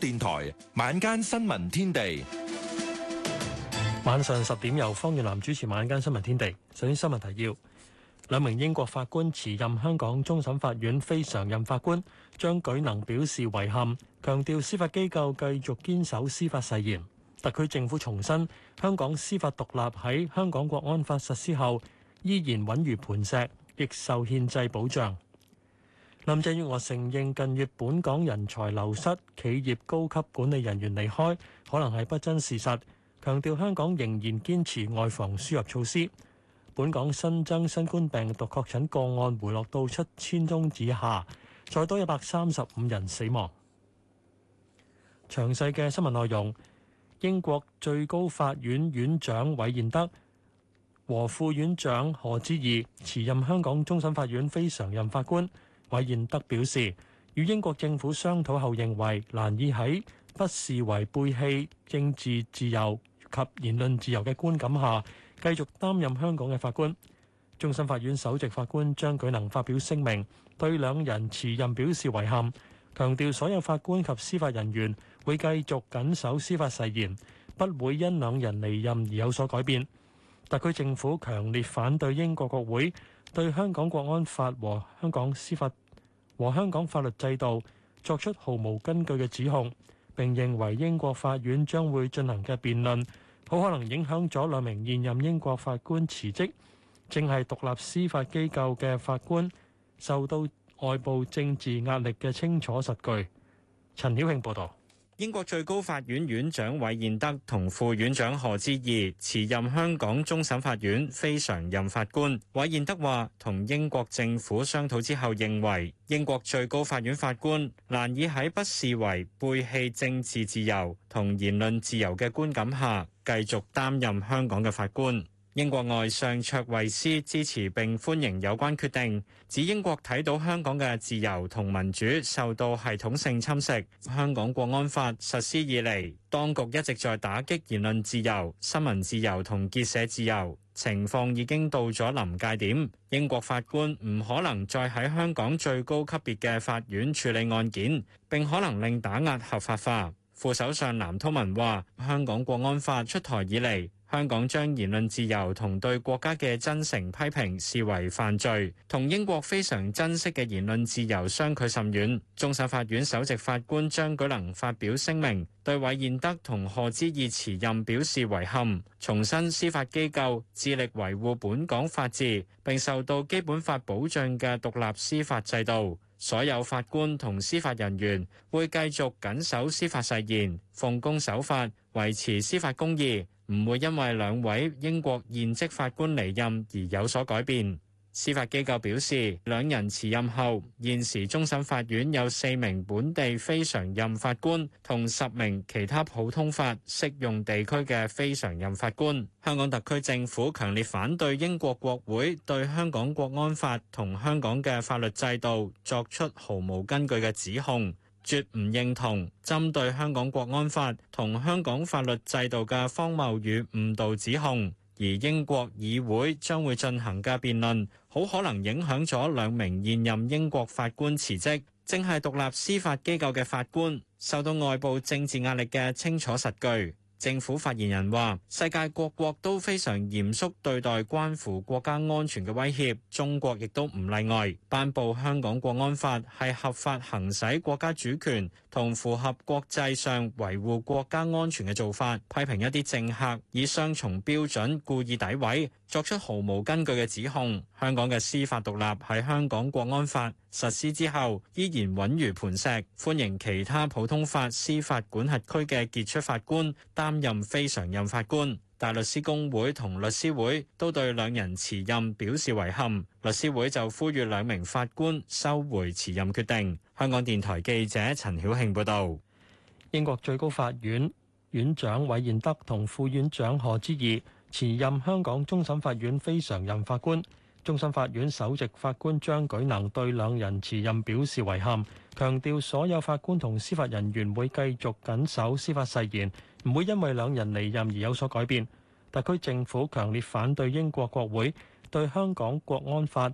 電台晚間新聞天地，晚上十點由方月南主持晚間新聞天地。首先新聞提要：兩名英國法官辭任香港終審法院非常任法官，張舉能表示遺憾，強調司法機構繼續堅守司法誓言。特區政府重申，香港司法獨立喺香港國安法實施後依然穩如磐石，亦受憲制保障。林鄭月娥承認近月本港人才流失、企業高級管理人員離開，可能係不爭事實。強調香港仍然堅持外防輸入措施。本港新增新冠病毒確診個案回落到七千宗以下，再多一百三十五人死亡。詳細嘅新聞內容，英國最高法院院長韋賢德和副院長何之義辭任香港終審法院非常任法官。韋彥德表示，與英國政府商討後認為，難以喺不視為背棄政治自由及言論自由嘅觀感下，繼續擔任香港嘅法官。終審法院首席法官張舉能發表聲明，對兩人辭任表示遺憾，強調所有法官及司法人員會繼續謹守司法誓言，不會因兩人離任而有所改變。特區政府強烈反對英國國會。對香港國安法和香港司法和香港法律制度作出毫無根據嘅指控，並認為英國法院將會進行嘅辯論，好可能影響咗兩名現任英國法官辭職，正係獨立司法機構嘅法官受到外部政治壓力嘅清楚實據。陳曉慶報道。英國最高法院院長韋賢德同副院長何之義辭任香港終審法院非常任法官。韋賢德話：同英國政府商討之後，認為英國最高法院法官難以喺不視為背棄政治自由同言論自由嘅觀感下，繼續擔任香港嘅法官。英國外相卓慧思支持並歡迎有關決定，指英國睇到香港嘅自由同民主受到系統性侵蝕。香港國安法實施以嚟，當局一直在打擊言論自由、新聞自由同結社自由，情況已經到咗臨界點。英國法官唔可能再喺香港最高級別嘅法院處理案件，並可能令打壓合法化。副首相藍韜文話：香港國安法出台以嚟，香港將言論自由同對國家嘅真誠批評視為犯罪，同英國非常珍惜嘅言論自由相距甚遠。終審法院首席法官張舉能發表聲明，對韋彥德同賀知義辭任表示遺憾，重申司法機構致力維護本港法治並受到基本法保障嘅獨立司法制度。所有法官同司法人員會繼續謹守司法誓言，奉公守法，維持司法公義。唔會因為兩位英國現職法官離任而有所改變。司法機構表示，兩人辭任後，現時終審法院有四名本地非常任法官同十名其他普通法適用地區嘅非常任法官。香港特區政府強烈反對英國國會對香港國安法同香港嘅法律制度作出毫無根據嘅指控。絕唔認同針對香港國安法同香港法律制度嘅荒謬與誤導指控，而英國議會將會進行嘅辯論，好可能影響咗兩名現任英國法官辭職，正係獨立司法機構嘅法官受到外部政治壓力嘅清楚實據。政府發言人話世界各國都非常嚴肅對待關乎國家安全嘅威脅，中國亦都唔例外。頒布香港國安法係合法行使國家主權，同符合國際上維護國家安全嘅做法。批評一啲政客以雙重標準，故意詆毀。作出毫無根據嘅指控。香港嘅司法獨立喺香港國安法實施之後，依然穩如磐石。歡迎其他普通法司法管轄區嘅傑出法官擔任非常任法官。大律師公會同律師會都對兩人辭任表示遺憾。律師會就呼籲兩名法官收回辭任決定。香港電台記者陳曉慶報導。英國最高法院院長韋賢德同副院長何之義。辭任香港終審法院非常任法官，終審法院首席法官張舉能對兩人辭任表示遺憾，強調所有法官同司法人員會繼續緊守司法誓言，唔會因為兩人離任而有所改變。特區政府強烈反對英國國會對香港國安法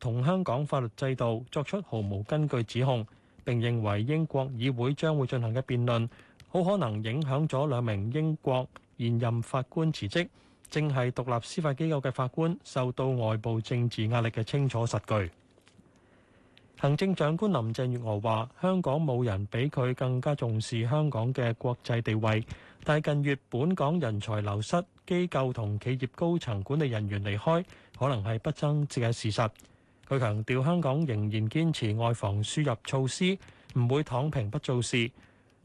同香港法律制度作出毫無根據指控，並認為英國議會將會進行嘅辯論，好可能影響咗兩名英國現任法官辭職，正係獨立司法機構嘅法官受到外部政治壓力嘅清楚實據。行政長官林鄭月娥話：香港冇人比佢更加重視香港嘅國際地位，但近月本港人才流失、機構同企業高層管理人員離開，可能係不爭嘅事實。佢強調香港仍然堅持外防輸入措施，唔會躺平不做事。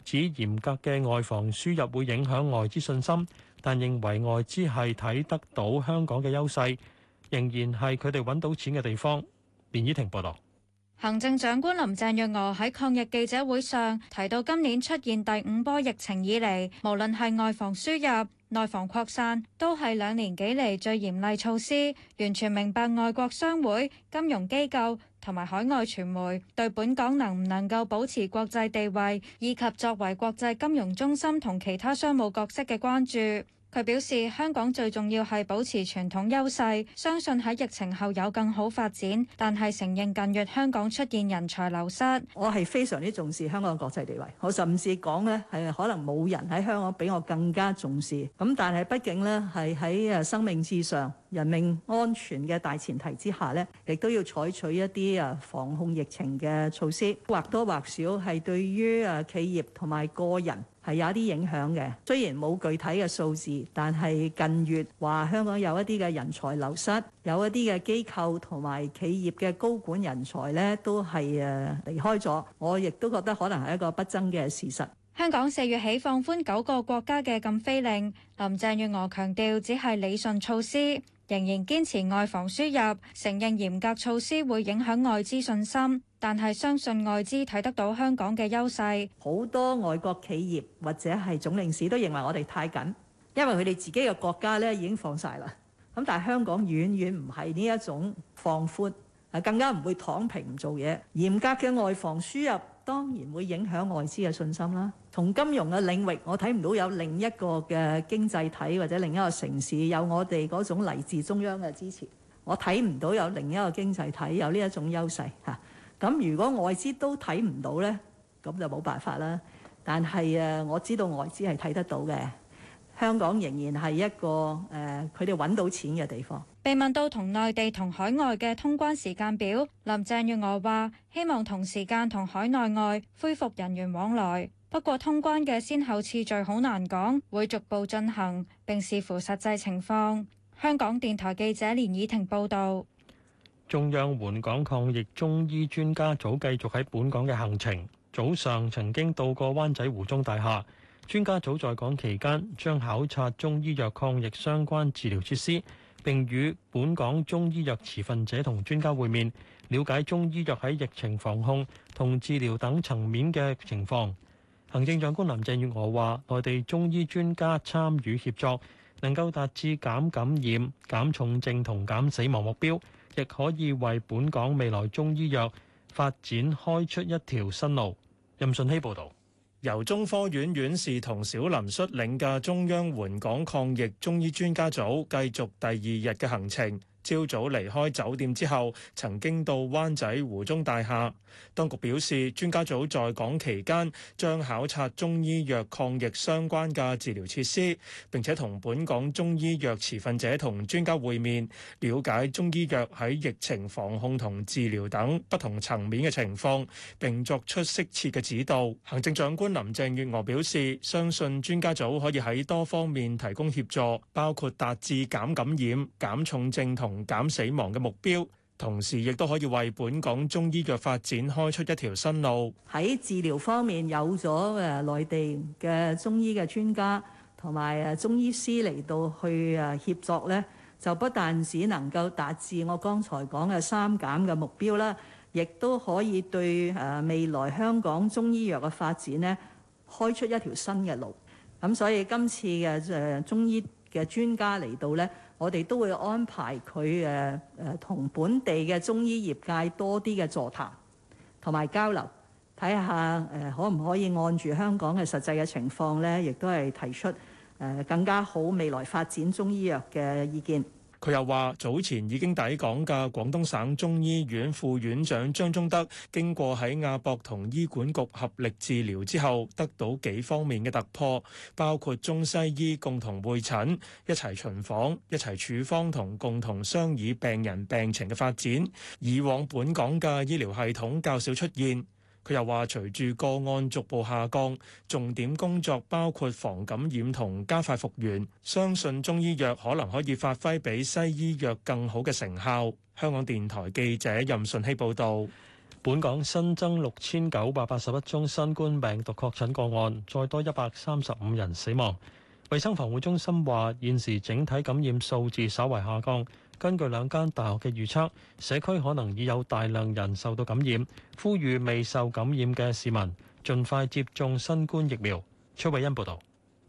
指嚴格嘅外防輸入會影響外資信心，但認為外資係睇得到香港嘅優勢，仍然係佢哋揾到錢嘅地方。連依婷報道，行政長官林鄭月娥喺抗疫記者會上提到，今年出現第五波疫情以嚟，無論係外防輸入，內防擴散都係兩年幾嚟最嚴厲措施，完全明白外國商會、金融機構同埋海外傳媒對本港能唔能夠保持國際地位，以及作為國際金融中心同其他商務角色嘅關注。佢表示香港最重要係保持傳統優勢，相信喺疫情後有更好發展，但係承認近月香港出現人才流失。我係非常之重視香港國際地位，我甚至講咧係可能冇人喺香港比我更加重視，咁但係畢竟咧係喺誒生命至上、人命安全嘅大前提之下咧，亦都要採取一啲誒防控疫情嘅措施，或多或少係對於誒企業同埋個人係有一啲影響嘅，雖然冇具體嘅數字，但係近月話香港有一啲嘅人才流失，有一啲嘅機構同埋企業嘅高管人才咧，都係誒離開咗。我亦都覺得可能係一個不爭嘅事實。香港四月起放寬九個國家嘅禁飛令，林鄭月娥強調只係理順措施。仍然堅持外防輸入，承認嚴格措施會影響外資信心，但係相信外資睇得到香港嘅優勢。好多外國企業或者係總領事都認為我哋太緊，因為佢哋自己嘅國家咧已經放晒啦。咁但係香港遠遠唔係呢一種放寬，係更加唔會躺平唔做嘢。嚴格嘅外防輸入。當然會影響外資嘅信心啦。從金融嘅領域，我睇唔到有另一個嘅經濟體或者另一個城市有我哋嗰種嚟自中央嘅支持。我睇唔到有另一個經濟體有呢一種優勢嚇。咁、啊、如果外資都睇唔到呢，咁就冇辦法啦。但係啊，我知道外資係睇得到嘅。香港仍然係一個誒，佢哋揾到錢嘅地方。被問到同內地同海外嘅通關時間表，林鄭月娥話：希望同時間同海內外恢復人員往來，不過通關嘅先後次序好難講，會逐步進行並視乎實際情況。香港電台記者連以婷報道，中央援港抗疫中醫專家組繼續喺本港嘅行程，早上曾經到過灣仔湖中大廈。專家組在港期間將考察中醫藥抗疫相關治療設施。並與本港中醫藥持份者同專家會面，了解中醫藥喺疫情防控同治療等層面嘅情況。行政長官林鄭月娥話，內地中醫專家參與協作，能夠達至減感染、減重症同減死亡目標，亦可以為本港未來中醫藥發展開出一條新路。任順希報道。由中科院院士仝小林率領嘅中央援港抗疫中醫專家組，繼續第二日嘅行程。朝早離開酒店之後，曾經到灣仔湖中大廈。當局表示，專家組在港期間將考察中醫藥抗疫相關嘅治療設施，並且同本港中醫藥持份者同專家會面，了解中醫藥喺疫情防控同治療等不同層面嘅情況，並作出適切嘅指導。行政長官林鄭月娥表示，相信專家組可以喺多方面提供協助，包括達致減感染、減重症同減死亡嘅目標，同時亦都可以為本港中醫藥發展開出一條新路。喺治療方面，有咗誒內地嘅中醫嘅專家同埋誒中醫師嚟到去誒協助咧，就不但只能夠達至我剛才講嘅三減嘅目標啦，亦都可以對誒未來香港中醫藥嘅發展呢開出一條新嘅路。咁所以今次嘅誒中醫嘅專家嚟到咧。我哋都會安排佢誒誒同本地嘅中醫業界多啲嘅座談同埋交流，睇下誒可唔可以按住香港嘅實際嘅情況咧，亦都係提出誒、呃、更加好未來發展中醫藥嘅意見。佢又話：早前已經抵港嘅廣東省中醫院副院長張忠德，經過喺亞博同醫管局合力治療之後，得到幾方面嘅突破，包括中西醫共同會診、一齊巡房、一齊處方同共同商議病人病情嘅發展，以往本港嘅醫療系統較少出現。佢又話：隨住個案逐步下降，重點工作包括防感染同加快復原。相信中醫藥可能可以發揮比西醫藥更好嘅成效。香港電台記者任順希報導。本港新增六千九百八十一宗新冠病毒確診個案，再多一百三十五人死亡。衛生防護中心話，現時整體感染數字稍微下降。根據兩間大學嘅預測，社區可能已有大量人受到感染，呼籲未受感染嘅市民盡快接種新冠疫苗。崔慧欣報導，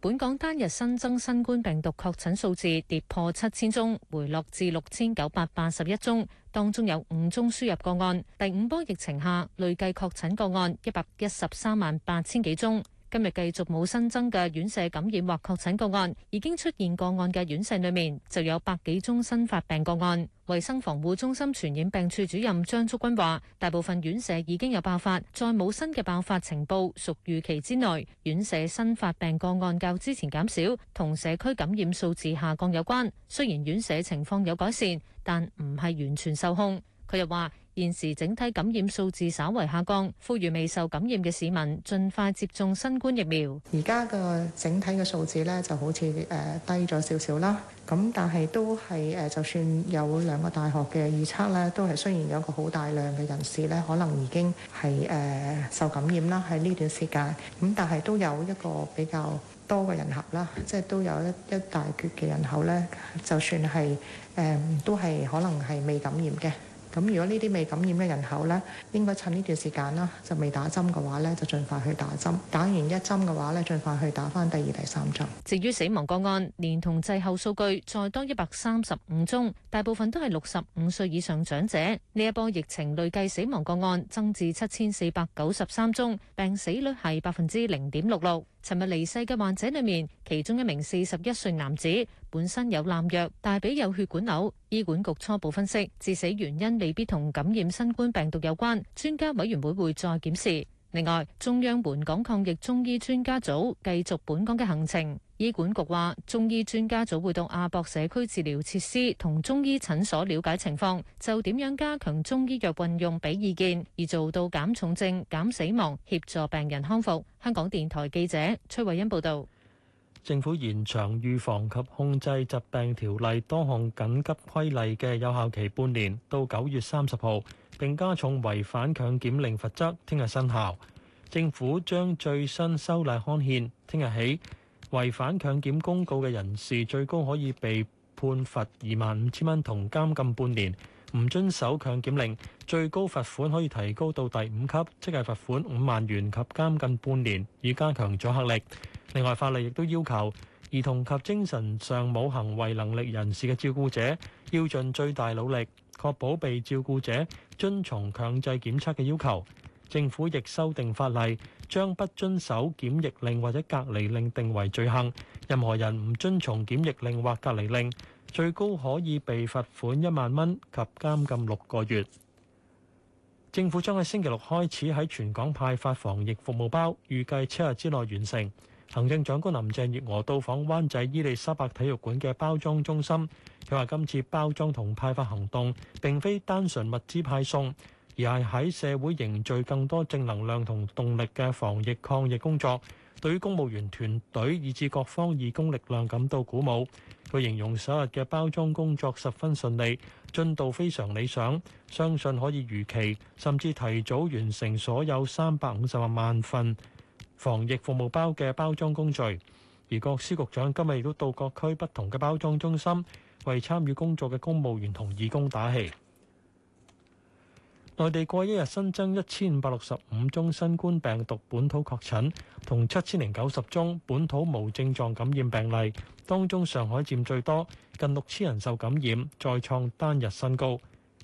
本港單日新增新冠病毒確診數字跌破七千宗，回落至六千九百八十一宗，當中有五宗輸入個案。第五波疫情下，累計確診個案一百一十三萬八千幾宗。今日繼續冇新增嘅院舍感染或確診個案，已經出現個案嘅院舍裏面就有百幾宗新發病個案。衞生防護中心傳染病處主任張竹君話，大部分院舍已經有爆發，再冇新嘅爆發情報，屬預期之內。院舍新發病個案較之前減少，同社區感染數字下降有關。雖然院舍情況有改善，但唔係完全受控。佢又話：現時整體感染數字稍為下降，呼籲未受感染嘅市民盡快接種新冠疫苗。而家個整體嘅數字咧就好似誒低咗少少啦，咁但係都係誒，就算有兩個大學嘅預測咧，都係雖然有個好大量嘅人士咧，可能已經係誒受感染啦，喺呢段時間，咁但係都有一個比較多嘅人合啦，即係都有一一大橛嘅人口咧，就算係誒都係可能係未感染嘅。咁如果呢啲未感染嘅人口呢，應該趁呢段時間啦，就未打針嘅話呢，就盡快去打針。打完一針嘅話呢，盡快去打返第二、第三針。至於死亡個案，連同滯後數據，再多一百三十五宗，大部分都係六十五歲以上長者。呢一波疫情累計死亡個案增至七千四百九十三宗，病死率係百分之零點六六。尋日離世嘅患者裏面，其中一名四十一歲男子本身有濫藥，大髀有血管瘤。醫管局初步分析，致死原因未必同感染新冠病毒有關，專家委員會會再檢視。另外，中央援港抗疫中醫專家組繼續本港嘅行程。醫管局話中醫專家組會到亞博社區治療設施同中醫診所了解情況，就點樣加強中醫藥運用俾意見，而做到減重症、減死亡，協助病人康復。香港電台記者崔慧欣報道。政府延長《預防及控制疾病條例》多項緊急規例嘅有效期半年，到九月三十號。並加重違反強檢令罰則，聽日生效。政府將最新修例刊憲，聽日起違反強檢公告嘅人士，最高可以被判罰二萬五千蚊同監禁半年。唔遵守強檢令，最高罰款可以提高到第五級，即係罰款五萬元及監禁半年，以加強阻嚇力。另外，法例亦都要求兒童及精神上冇行為能力人士嘅照顧者，要盡最大努力。確保被照顧者遵從強制檢測嘅要求，政府亦修訂法例，將不遵守檢疫令或者隔離令定為罪行。任何人唔遵從檢疫令或隔離令，最高可以被罰款一萬蚊及監禁六個月。政府將喺星期六開始喺全港派發防疫服務包，預計七日之內完成。行政長官林鄭月娥到訪灣仔伊利沙伯體育館嘅包裝中心。佢話：今次包裝同派發行動並非單純物資派送，而係喺社會凝聚更多正能量同動力嘅防疫抗疫工作。對於公務員團隊以至各方義工力量感到鼓舞。佢形容首日嘅包裝工作十分順利，進度非常理想，相信可以如期甚至提早完成所有三百五十萬份防疫服務包嘅包裝工序。而各司局長今日亦都到各區不同嘅包裝中心。為參與工作嘅公務員同義工打氣。內地過一日新增一千五百六十五宗新冠病毒本土確診，同七千零九十宗本土無症狀感染病例，當中上海佔最多，近六千人受感染，再創單日新高。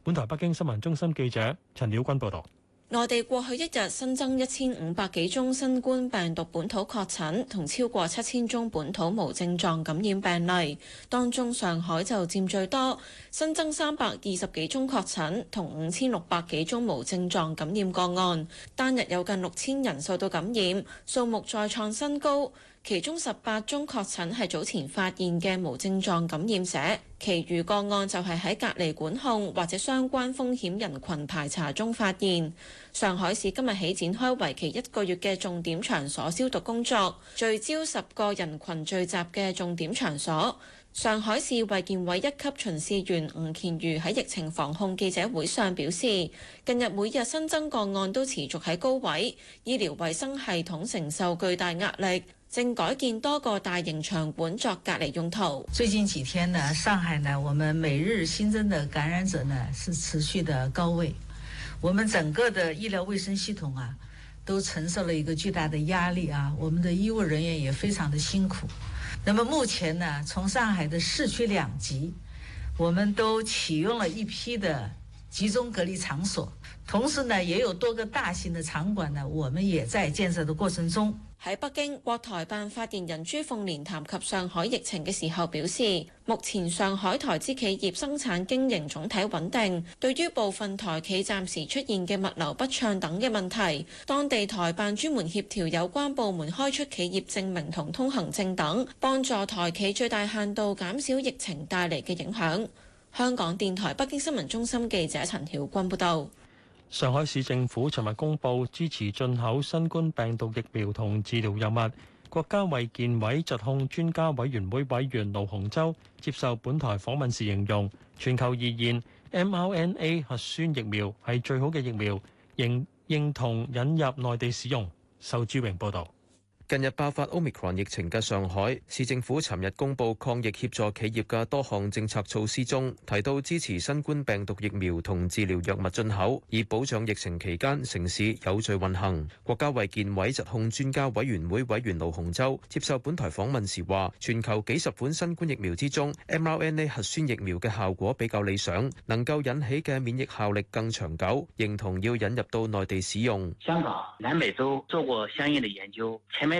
本台北京新聞中心記者陳了君報導。內地過去一日新增一千五百幾宗新冠病毒本土確診，同超過七千宗本土無症狀感染病例。當中上海就佔最多，新增三百二十幾宗確診同五千六百幾宗無症狀感染個案，單日有近六千人受到感染，數目再創新高。其中十八宗確診係早前發現嘅無症狀感染者，其餘個案就係喺隔離管控或者相關風險人群排查中發現。上海市今日起展開為期一個月嘅重點場所消毒工作，聚焦十個人群聚集嘅重點場所。上海市衛健委一級巡視員吳乾如喺疫情防控記者會上表示，近日每日新增個案都持續喺高位，醫療衞生系統承受巨大壓力。正改建多個大型場館作隔離用途。最近幾天呢，上海呢，我們每日新增的感染者呢是持續的高位，我們整個的醫療衛生系統啊都承受了一個巨大的壓力啊，我們的醫務人員也非常的辛苦。那麼目前呢，從上海的市區兩級，我們都啟用了一批的集中隔離場所，同時呢，也有多個大型的場館呢，我們也在建設的過程中。喺北京，國台辦發言人朱鳳蓮談及上海疫情嘅時候表示，目前上海台資企業生產經營總體穩定。對於部分台企暫時出現嘅物流不暢等嘅問題，當地台辦專門協調有關部門開出企業證明同通行證等，幫助台企最大限度減少疫情帶嚟嘅影響。香港電台北京新聞中心記者陳曉君報道。上海市政府尋日公布支持進口新冠病毒疫苗同治療藥物。國家衛健委疾控專家委員會委員盧洪洲接受本台訪問時形容，全球而言 mRNA 核酸疫苗係最好嘅疫苗，仍認同引入內地使用。仇志榮報道。近日爆發 Omicron 疫情嘅上海市政府，尋日公布抗疫協助企業嘅多項政策措施中，提到支持新冠病毒疫苗同治療藥物進口，以保障疫情期間城市有序運行。國家衛健委疾控專家委員會委員盧洪洲接受本台訪問時話，全球幾十款新冠疫苗之中，mRNA 核酸疫苗嘅效果比較理想，能夠引起嘅免疫效力更長久，認同要引入到內地使用。香港、南美洲做過相應嘅研究，前面。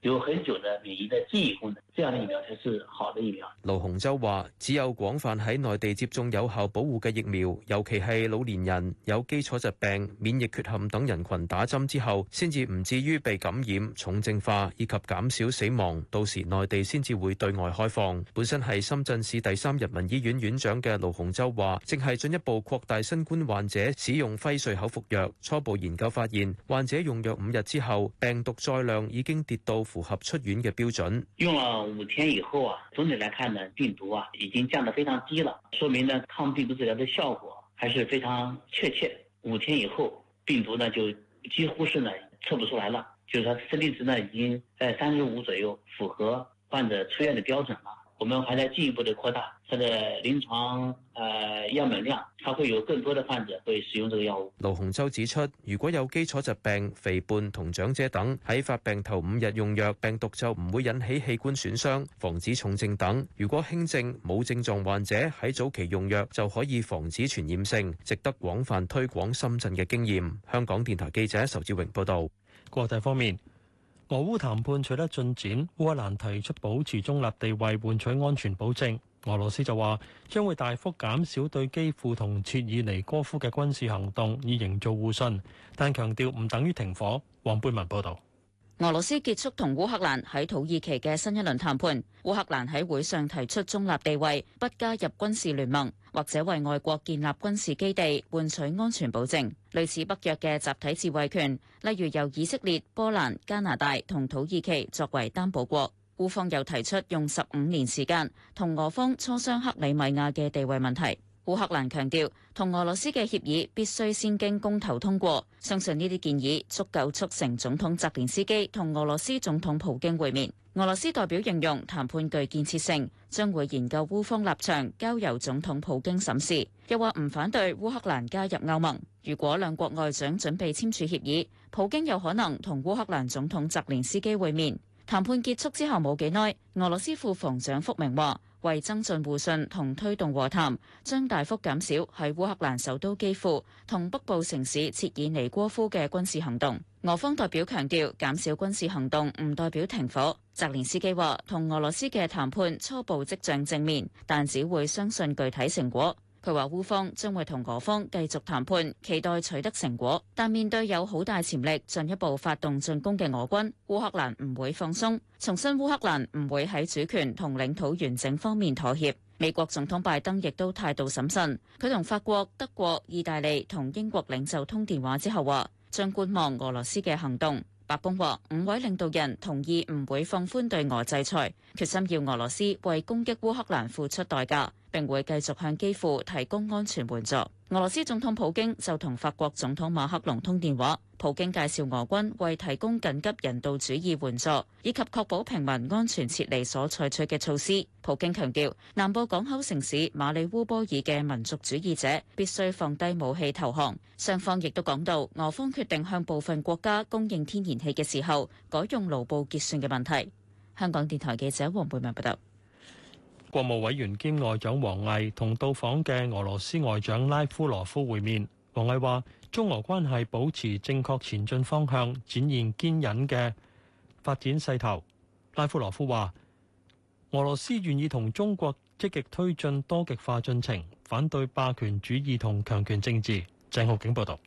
有很久的免疫的記憶功能，這樣的疫苗才是好的疫苗。盧洪洲話，只有廣泛喺內地接種有效保護嘅疫苗，尤其係老年人、有基礎疾病、免疫缺陷等人群打針之後，先至唔至於被感染、重症化以及減少死亡。到時內地先至會對外開放。本身係深圳市第三人民醫院院長嘅盧洪洲話，正係進一步擴大新冠患者使用輝瑞口服藥。初步研究發現，患者用藥五日之後，病毒載量已經跌到。符合出院的標準，用了五天以後啊，總體來看呢，病毒啊已經降得非常低了，說明呢抗病毒治療的效果還是非常確切。五天以後，病毒呢就幾乎是呢測不出來了，就是說，C 值呢已經在三十五左右，符合患者出院的標準了，我們還在進一步的擴大。它的臨床，呃，樣本量，它會有更多的患者會使用這個藥物。盧洪洲指出，如果有基礎疾病、肥胖同長者等喺發病頭五日用藥，病毒就唔會引起器官損傷、防止重症等。如果輕症、冇症狀患者喺早期用藥就可以防止傳染性，值得廣泛推廣深圳嘅經驗。香港電台記者仇志榮報道。國際方面，俄烏談判取得進展，烏克蘭提出保持中立地位，換取安全保證。俄羅斯就話將會大幅減少對基輔同切爾尼戈夫嘅軍事行動，以營造互信，但強調唔等於停火。黃貝文報導。俄羅斯結束同烏克蘭喺土耳其嘅新一輪談判。烏克蘭喺會上提出中立地位，不加入軍事聯盟，或者為外國建立軍事基地換取安全保證，類似北約嘅集體自衛權，例如由以色列、波蘭、加拿大同土耳其作為擔保國。烏方又提出用十五年時間同俄方磋商克里米亞嘅地位問題。烏克蘭強調同俄羅斯嘅協議必須先經公投通過。相信呢啲建議足夠促成總統澤連斯基同俄羅斯總統普京會面。俄羅斯代表形容談判具建設性，將會研究烏方立場，交由總統普京審視。又話唔反對烏克蘭加入歐盟。如果兩國外長準備簽署協議，普京有可能同烏克蘭總統澤連斯基會面。談判結束之後冇幾耐，俄羅斯副防長福明話，為增進互信同推動和談，將大幅減少喺烏克蘭首都基輔同北部城市切爾尼戈夫嘅軍事行動。俄方代表強調，減少軍事行動唔代表停火。澤連斯基話，同俄羅斯嘅談判初步跡象正面，但只會相信具體成果。佢話烏方將會同俄方繼續談判，期待取得成果。但面對有好大潛力進一步發動進攻嘅俄軍，烏克蘭唔會放鬆，重申烏克蘭唔會喺主權同領土完整方面妥協。美國總統拜登亦都態度審慎，佢同法國、德國、意大利同英國領袖通電話之後話，將觀望俄羅斯嘅行動。白宮話五位領導人同意唔會放寬對俄制裁，決心要俄羅斯為攻擊烏克蘭付出代價。並會繼續向基輔提供安全援助。俄羅斯總統普京就同法國總統馬克龍通電話，普京介紹俄軍為提供緊急人道主義援助以及確保平民安全撤離所採取嘅措施。普京強調，南部港口城市馬里烏波爾嘅民族主義者必須放低武器投降。雙方亦都講到俄方決定向部分國家供應天然氣嘅時候改用盧布結算嘅問題。香港電台記者黃貝文報道。國務委員兼外長王毅同到訪嘅俄羅斯外長拉夫羅夫會面。王毅話：中俄關係保持正確前進方向，展現堅忍嘅發展勢頭。拉夫羅夫話：俄羅斯願意同中國積極推進多極化進程，反對霸權主義同強權政治。鄭浩景報道。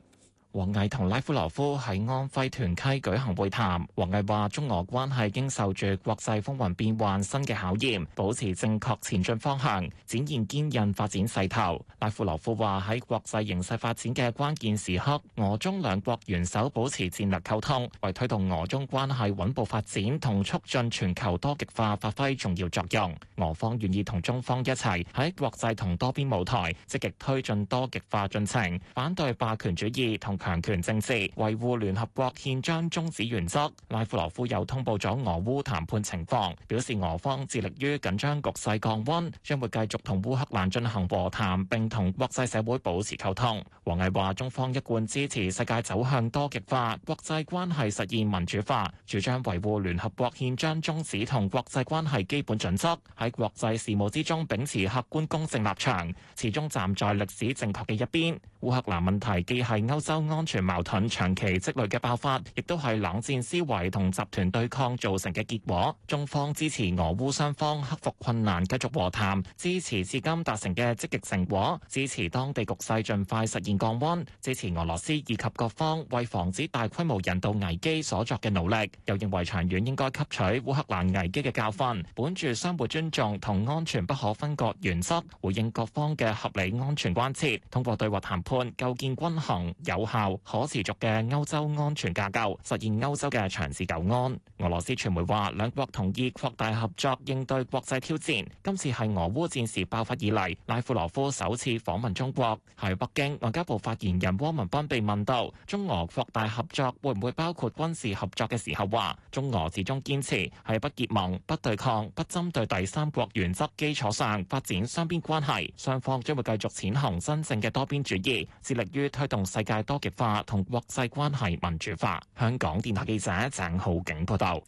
王毅同拉夫羅夫喺安徽屯溪舉行會談。王毅話：中俄關係經受住國際風雲變幻新嘅考驗，保持正確前進方向，展現堅韌發展勢頭。拉夫羅夫話：喺國際形勢發展嘅關鍵時刻，俄中兩國元首保持戰略溝通，為推動俄中關係穩步發展同促進全球多極化發揮重要作用。俄方願意同中方一齊喺國際同多邊舞台積極推進多極化進程，反對霸權主義同強權政治，維護聯合國憲章宗旨原則。拉夫羅夫又通報咗俄烏談判情況，表示俄方致力於緊張局勢降溫，將會繼續同烏克蘭進行和談，並同國際社會保持溝通。王毅話：中方一貫支持世界走向多極化，國際關係實現民主化，主張維護聯合國憲章宗旨同國際關係基本準則，喺國際事務之中秉持客觀公正立場，始終站在歷史正確嘅一邊。烏克蘭問題既係歐洲安全矛盾長期積累嘅爆發，亦都係冷戰思維同集團對抗造成嘅結果。中方支持俄烏雙方克服困難，繼續和談，支持至今達成嘅積極成果，支持當地局勢盡快實現降溫，支持俄羅斯以及各方為防止大規模人道危機所作嘅努力。又認為長遠應該吸取烏克蘭危機嘅教訓，本住相互尊重同安全不可分割原則，回應各方嘅合理安全關切，通過對話談判。構建均衡、有效、可持續嘅歐洲安全架構，實現歐洲嘅長治久安。俄羅斯傳媒話，兩國同意擴大合作應對國際挑戰。今次係俄烏戰事爆發以嚟，拉夫羅夫首次訪問中國。喺北京，外交部發言人汪文斌被問到中俄擴大合作會唔會包括軍事合作嘅時候，話中俄始終堅持喺不結盟、不對抗、不針對第三國原則基礎上發展雙邊關係，雙方將會繼續踐行真正嘅多邊主義。致力於推動世界多極化同國際關係民主化。香港電台記者鄭浩景報道。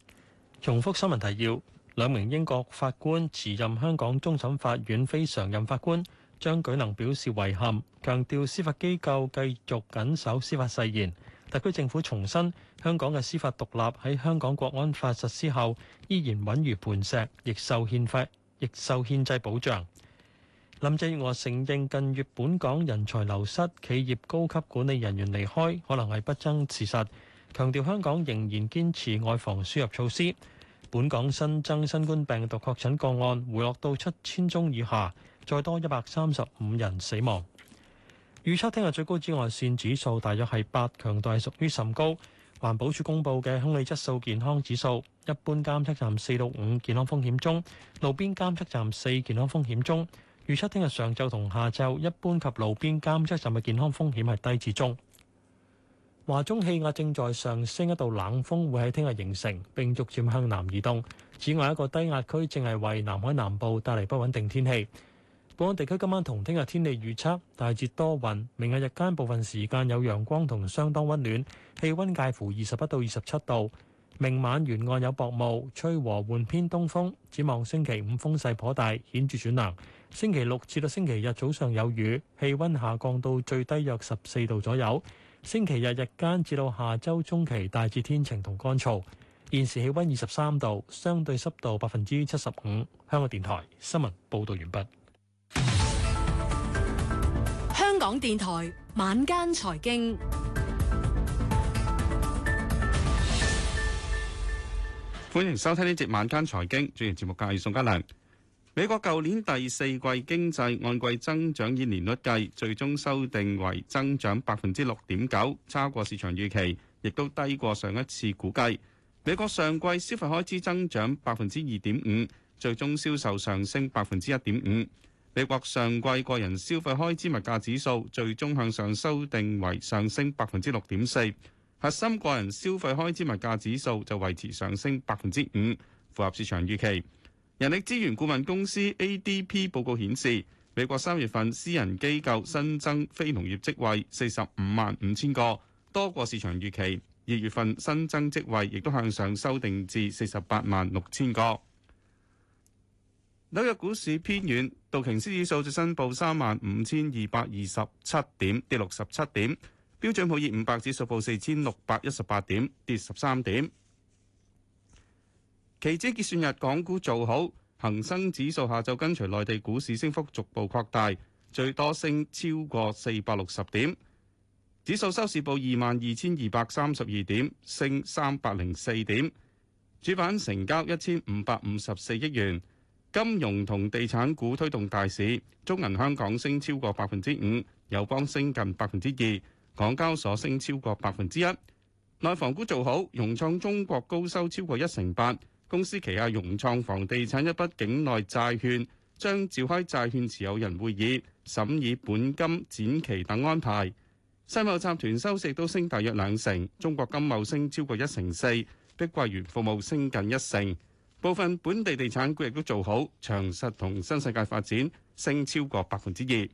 重複新聞提要：兩名英國法官辭任香港終審法院非常任法官，張舉能表示遺憾，強調司法機構繼續緊守司法誓言。特區政府重申，香港嘅司法獨立喺香港國安法實施後依然穩如磐石，亦受憲法亦受憲制保障。林鄭月娥承認近月本港人才流失、企業高級管理人員離開，可能係不爭事實。強調香港仍然堅持外防輸入措施。本港新增新冠病毒確診個案回落到七千宗以下，再多一百三十五人死亡。預測聽日最高紫外線指數大約係八，強度係屬於甚高。環保署公佈嘅空氣質素健康指數，一般監測站四到五健康風險中，路邊監測站四健康風險中。預測聽日上晝同下晝一般及路邊監測站嘅健康風險係低至中。華中氣壓正在上升，一道冷風會喺聽日形成並逐漸向南移動。此外，一個低壓區正係為南海南部帶嚟不穩定天氣。本港地區今晚同聽日天氣預測大致多雲，明日日間部分時間有陽光同相當温暖，氣温介乎二十一到二十七度。明晚沿岸有薄霧，吹和緩偏東風。展望星期五風勢頗大，顯著轉涼。星期六至到星期日早上有雨，氣溫下降到最低約十四度左右。星期日日間至到下周中期大致天晴同乾燥。現時氣溫二十三度，相對濕度百分之七十五。香港電台新聞報道完畢。香港電台晚間財經，歡迎收聽呢節晚間財經。主持節目嘅係宋嘉良。美國舊年第四季經濟按季增長以年率計，最終修訂為增長百分之六點九，差過市場預期，亦都低過上一次估計。美國上季消費開支增長百分之二點五，最終銷售上升百分之一點五。美國上季個人消費開支物價指數最終向上修訂為上升百分之六點四，核心個人消費開支物價指數就維持上升百分之五，符合市場預期。人力資源顧問公司 ADP 報告顯示，美國三月份私人機構新增非農業職位四十五萬五千個，多過市場預期。二月份新增職位亦都向上修訂至四十八萬六千個。紐約股市偏軟，道瓊斯指數最新報三萬五千二百二十七點，跌六十七點；標準普爾五百指數報四千六百一十八點，跌十三點。期指結算日，港股做好，恒生指數下晝跟隨內地股市升幅逐步擴大，最多升超過四百六十點，指數收市報二萬二千二百三十二點，升三百零四點，主板成交一千五百五十四億元，金融同地產股推動大市，中銀香港升超過百分之五，友邦升近百分之二，港交所升超過百分之一，內房股做好，融創中國高收超過一成八。公司旗下融創房地產一筆境內債券將召開債券持有人會議，審議本金展期等安排。世茂集團收市都升大約兩成，中國金茂升超過一成四，碧桂園服務升近一成，部分本地地產股亦都做好，長實同新世界發展升超過百分之二。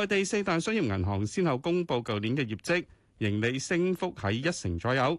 內地四大商業銀行先後公布舊年嘅業績，盈利升幅喺一成左右。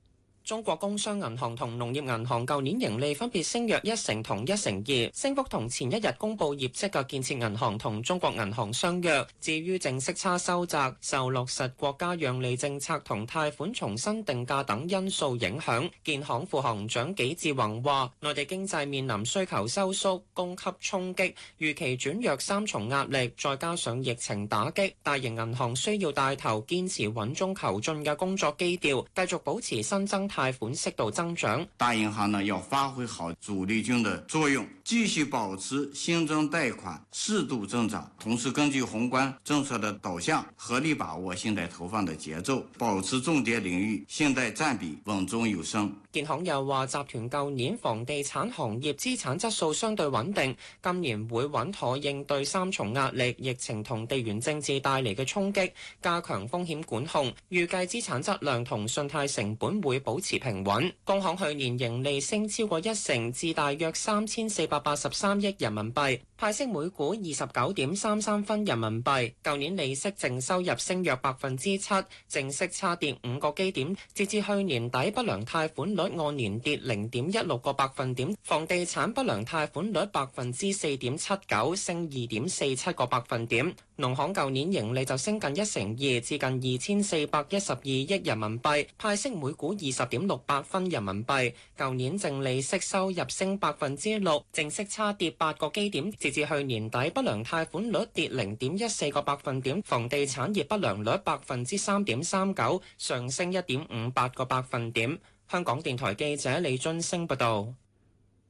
中國工商銀行同農業銀行舊年盈利分別升約一成同一成二，升幅同前一日公布業績嘅建設銀行同中國銀行相若。至於淨息差收窄，受落實國家讓利政策同貸款重新定價等因素影響。建行副行長紀志宏話：內地經濟面臨需求收縮、供給衝擊、預期轉弱三重壓力，再加上疫情打擊，大型銀行需要帶頭堅持穩中求進嘅工作基調，繼續保持新增貸款適度增長，大銀行呢要發揮好主力軍的作用。繼續保持新增貸款適度增長，同時根據宏觀政策的導向，合理把握信貸投放的節奏，保持重點領域信貸占比穩中有升。建行又話，集團舊年房地產行業資產質素相對穩定，今年會穩妥應對三重壓力，疫情同地緣政治帶嚟嘅衝擊，加強風險管控，預計資產質量同信貸成本會保持平穩。工行去年盈利升超過一成，至大約三千四百八十三億人民幣。派息每股二十九點三三分人民幣，舊年利息淨收入升約百分之七，淨息差跌五個基點。截至去年底，不良貸款率按年跌零點一六個百分點，房地產不良貸款率百分之四點七九，升二點四七個百分點。農行舊年盈利就升近一成二，至近二千四百一十二億人民幣，派息每股二十點六八分人民幣，舊年淨利息收入升百分之六，淨息差跌八個基點。至去年底，不良貸款率跌零點一四個百分點，房地產業不良率百分之三點三九，上升一點五八個百分點。香港電台記者李俊升報道。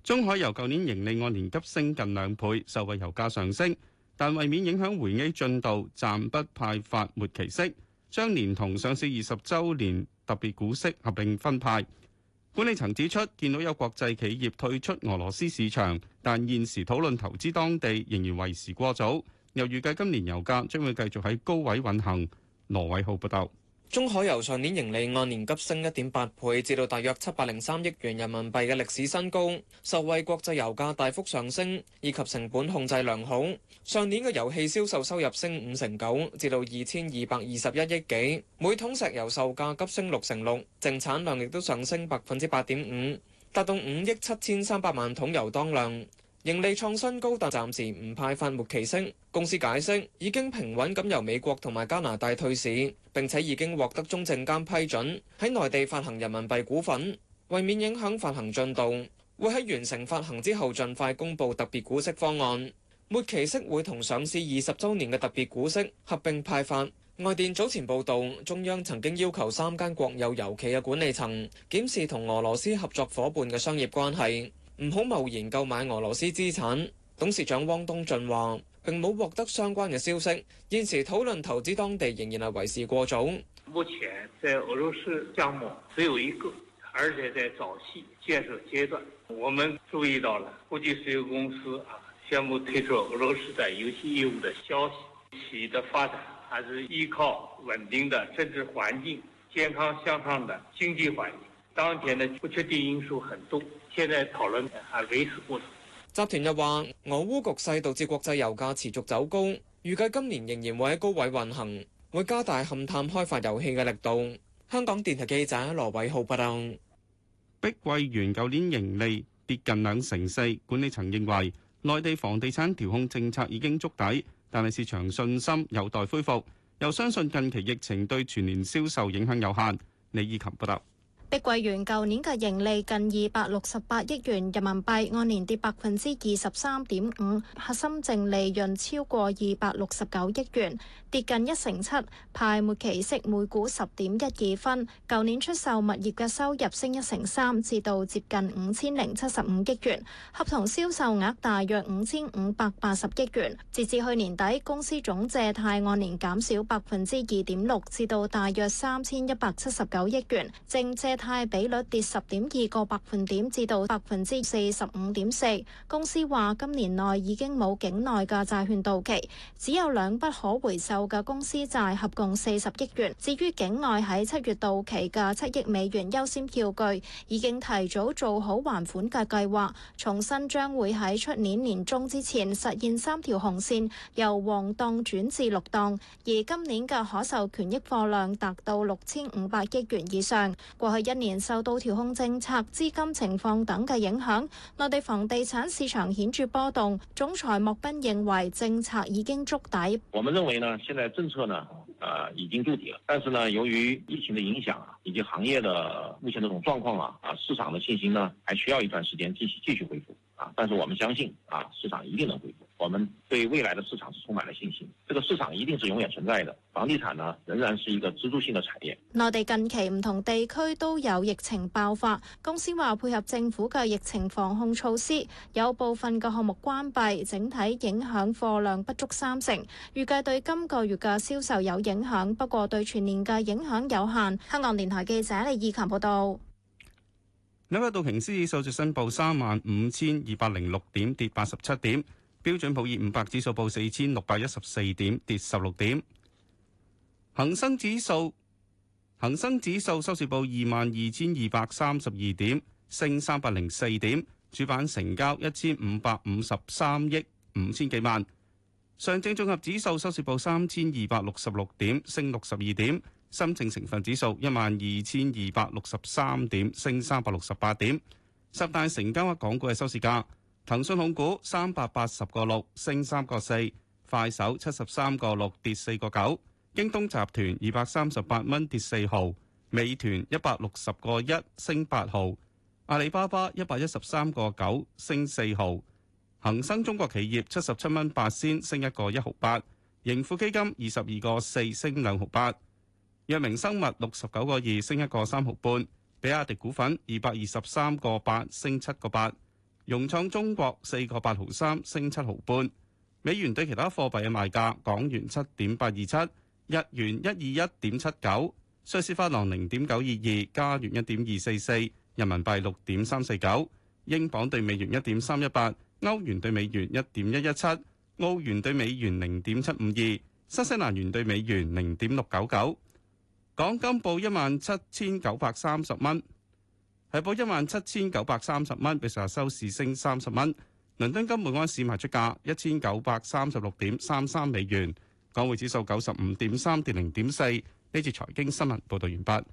中海油舊年盈利按年急升近兩倍，受惠油價上升，但為免影響回饋進度，暫不派發末期息，將連同上市二十週年特別股息合併分派。管理層指出，見到有國際企業退出俄羅斯市場，但現時討論投資當地仍然為時過早，又預計今年油價將會繼續喺高位運行。羅偉浩報道。中海油上年盈利按年急升一點八倍，至到大約七百零三億元人民幣嘅歷史新高，受惠國際油價大幅上升以及成本控制良好。上年嘅油氣銷售收入升五成九，至到二千二百二十一億幾，每桶石油售價急升六成六，淨產量亦都上升百分之八點五，達到五億七千三百萬桶油當量。盈利創新高，但暫時唔派發末期息。公司解釋已經平穩咁由美國同埋加拿大退市，並且已經獲得中證監批准喺內地發行人民幣股份，為免影響發行進度，會喺完成發行之後盡快公佈特別股息方案。末期息會同上市二十週年嘅特別股息合併派發。外電早前報道，中央曾經要求三間國有油企嘅管理層檢視同俄羅斯合作伙伴嘅商業關係。唔好貿然購買俄羅斯資產。董事長汪東進話：並冇獲得相關嘅消息，現時討論投資當地仍然係為時過早。目前在俄羅斯項目只有一個，而且在早期建設階段，我們注意到了國際石油公司啊宣布退出俄羅斯的油氣業務的消息。企業嘅發展還是依靠穩定的政治環境、健康向上的經濟環境。當前的不確定因素很多。現集團又話，俄烏局勢導致國際油價持續走高，預計今年仍然會喺高位運行，會加大勘探開發油氣嘅力度。香港電台記者羅偉浩報道。碧桂園舊年盈利跌近兩成四，管理層認為內地房地產調控政策已經觸底，但係市場信心有待恢復，又相信近期疫情對全年銷售影響有限。李以琴報道。碧桂園舊年嘅盈利近二百六十八億元人民幣，按年跌百分之二十三點五，核心淨利潤超過二百六十九億元，跌近一成七。派末期息每股十點一二分。舊年出售物業嘅收入升一成三，至到接近五千零七十五億元，合同銷售額大約五千五百八十億元。截至去年底，公司總借貸按年減少百分之二點六，至到大約三千一百七十九億元，淨借。派比率跌十點二個百分點至到百分之四十五點四。公司話今年內已經冇境內嘅債券到期，只有兩筆可回售嘅公司債合共四十億元。至於境外喺七月到期嘅七億美元優先票據，已經提早做好還款嘅計劃，重新將會喺出年年中之前實現三條紅線由黃檔轉至綠檔。而今年嘅可售權益貨量達到六千五百億元以上。過去一今年受到調控政策、資金情況等嘅影響，內地房地產市場顯著波動。總裁莫斌認為政策已經築底。我們認為呢，現在政策呢，呃已經築底了。但是呢，由於疫情的影響啊，以及行業的目前這種狀況啊，啊市場的信心呢，還需要一段時間繼續繼續恢復。但是我們相信，啊，市場一定能恢復。我們對未來的市場是充滿了信心。這個市場一定是永遠存在的。房地產呢，仍然是一個支柱性的產業。內地近期唔同地區都有疫情爆發，公司話配合政府嘅疫情防控措施，有部分嘅項目關閉，整體影響貨量不足三成，預計對今個月嘅銷售有影響，不過對全年嘅影響有限。香港電台記者李義琴報道。紐約道瓊斯指數最新報三萬五千二百零六點，跌八十七點；標準普爾五百指數報四千六百一十四點，跌十六點。恒生指數恒生指數收市報二萬二千二百三十二點，升三百零四點。主板成交一千五百五十三億五千幾萬。上證綜合指數收市報三千二百六十六點，升六十二點。深證成分指數一萬二千二百六十三點，升三百六十八點。十大成交額港股嘅收市價：騰訊控股三百八十個六，升三個四；快手七十三個六，跌四個九；京東集團二百三十八蚊，跌四毫；美團一百六十個一，升八毫；阿里巴巴一百一十三個九，升四毫；恒生中國企業七十七蚊八仙，升一個一毫八；盈富基金二十二個四，升兩毫八。藥明生物六十九個二，升一個三毫半，比亞迪股份二百二十三個八，升七個八，融創中國四個八毫三，升七毫半。美元對其他貨幣嘅賣價：港元七點八二七，日元一二一點七九，瑞士法郎零點九二二，加元一點二四四，人民幣六點三四九，英鎊對美元一點三一八，歐元對美元一點一一七，澳元對美元零點七五二，新西蘭元對美元零點六九九。港金報一萬七千九百三十蚊，係報一萬七千九百三十蚊，比上日收市升三十蚊。倫敦金每盎司賣出價一千九百三十六點三三美元，港匯指數九十五點三跌零點四。呢次財經新聞報道完畢。